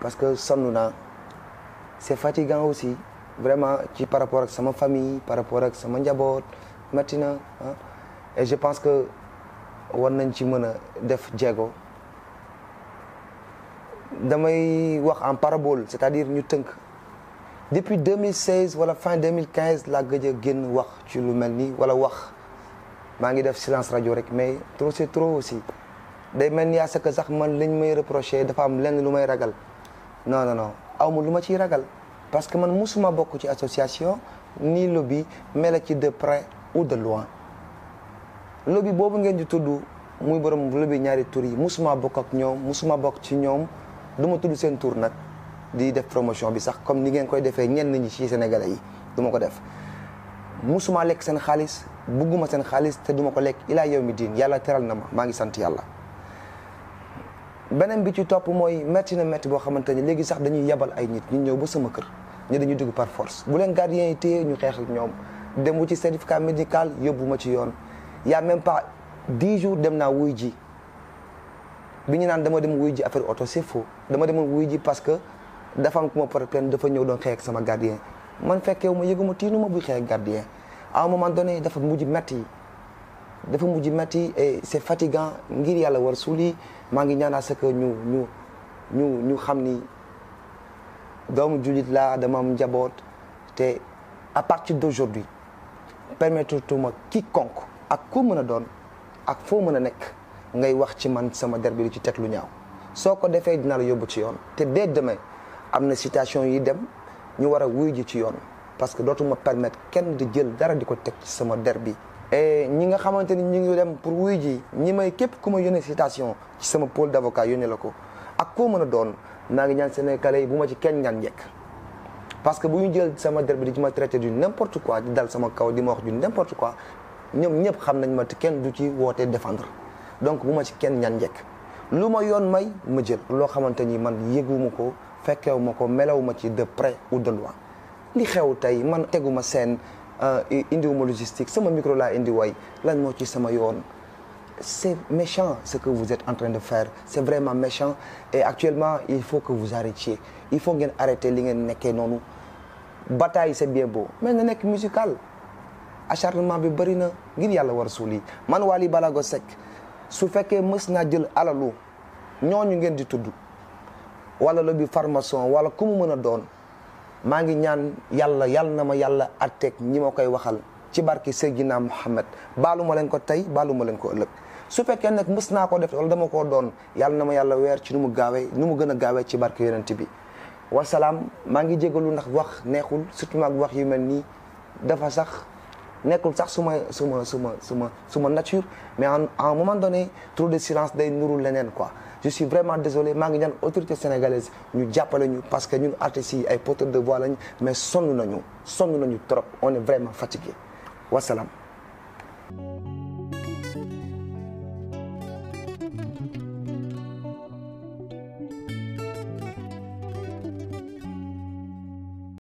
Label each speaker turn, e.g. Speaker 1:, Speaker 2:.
Speaker 1: parce que sonn c'est fatigant aussi vraiment ci par rapport à ma famille par rapport à sama njaboot maintenant. Hein. et je pense que war nañ a def jéego damay wax en parabole c'est-à-dire ñu depuis 2016 voilà fin 2015 la gëj a génn wax ci lu mel nii wala wax maa def silence radio, rek mais trop c'est trop aussi day mel ni ce que sax man liñ may reprocher, dafa am lenn lu ragal non non non aw ma lu ma ciy ragal parce que man musuma bokk ci association ni lobby mel ci de près ou de loin lobby boobu ngeen di tudd muy borom lobby ñaari tur yi musuma bokk ak ñoom musuma bokk ci ñoom duma ma tudd seen tur nag di def promotion bi sax comme ni ngeen koy defee ñenn ñi ci Sénégalais yi duma ko def musuma lekk seen xaalis bugguma seen xaalis te duma ko lekk ilaa yow mi diin yàlla teral na ma maa ngi sant yàlla beneen bi ci topp mooy metti na métti boo xamante ni léegi sax dañuy yebal ay nit ñu ñëw ba sama kër ñu dañuy dugg par force bu leen gardien yi téye ñu xeex ñoom dem wu ci certificat médical yóbbu ma ci yoon y a même pas dix jours dem naa wuy ji bi ñu naan dama dem wuy ji affaire oto c'est faux dama demoon wuy ji parce que dafa am ku ma porté dafa ñëw doon xeex sama gardien man fekkee wu ma yëgu ma nu ma buy xeex ak gardien à un moment donné dafa mujj métti De et c'est fatigant ngir yalla war souli ma ngi ñaanaa ce que nous ñu ñu ñu doomu te à partir d'aujourd'hui permettre moi quiconque ak ku à a doon ak fo mën nek ngay wax ci man sama der ci lu ñaaw ko dina la te dès demain am citation situation yi dem ñu wara wuy parce que dotuma permettre kenn di jël dara diko ci sama ñi nga xamanteni ñi ngi dem pour wuy ji ñi may képp kuma ma citation ci sama pôle d'avocat yone lako ak ko mëna doon na ngi ñaan sénégalais yi bu ci kenn ñaan njekk parce que bu ñu jël sama der bi di ma traité du n'importe quoi dal sama kaw di ma wax du n'importe quoi ñom ñëpp xam nañ ma te kenn du ci woté défendre donc buma ma ci kenn ñaan njekk luma yone may ma jël lo xamanteni man yëguma ko fekkewu ma ko melewu ci de près ou de loin li xew tay man téguma sen Euh, indiwuma logistique sama micro laa indi waay lan moo ci sama yoon c'est méchant ce que vous êtes en train de faire c'est vraiment méchant et actuellement il faut que vous arrêtiez il faut ngeen arrêter li ngeen nekkee noonu bataille c'est bien beau mais na nekk musical acharnement bi bëri na ngir yàlla war suul yi man wali Balago sec su fekkee mës naa jël alalu ñooñu ngeen di tudd wala bi farmason wala ku mu mën a doon maa ngi ñaan yàlla yàlla na ma yàlla àtteeg ñi ma koy waxal ci barke Seydina Muhammad baalu ma leen ko tey baalu ma leen ko ëllëg su fekkee nag mës naa koo def wala dama koo doon yàlla na ma yàlla weer ci nu mu gaawee nu mu gën a gaawee ci barke yonent bi wasalaam maa ngi jégalu ndax wax neexul surtout maag wax yu mel nii dafa sax nekkul sax suma suma suma suma suma nature mais à un moment donné trop de silence des nuru leneen quoi je suis vraiment désolé maa ngi autorité sénégalaise ñu jàppale ñu parce que nous artistes ici, ay porteurs de voix lañ mais nous nañu sonn nous trop on est vraiment fatigué salam